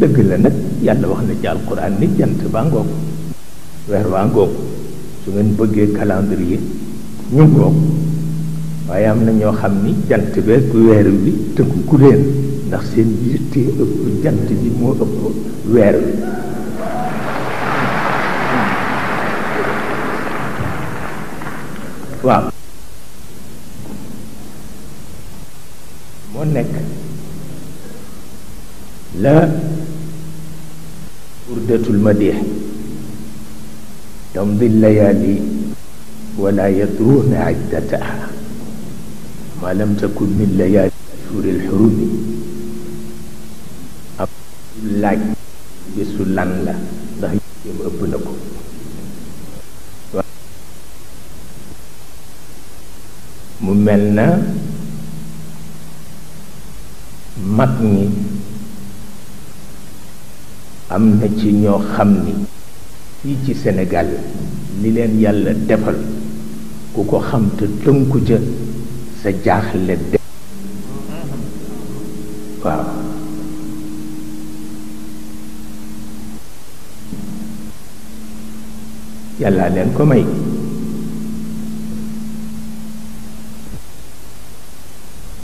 dëgg la nag yàlla wax na ci alquran ni jant baa ngoog weer waa ngoog su ngeen bëggee calendrier ñu ngoog waaye am na ñoo xam ni jant beeg weer bi tënku ku leen ndax seen yitte ëpp jant bi moo ëpp weer wi waaw moo nekk لا وردة المديح تمضي الليالي ولا يدرون عدتها ما لم تكن من ليالي أشهر الحروب أقول لك bisu لا la أبنكم yéem ëpp mu mel na mag ñi am na ci ñoo xam ni fii ci Sénégal li leen yàlla defal ku ko xam te tënku ca sa jaaxle def waaw yàlla leen ko may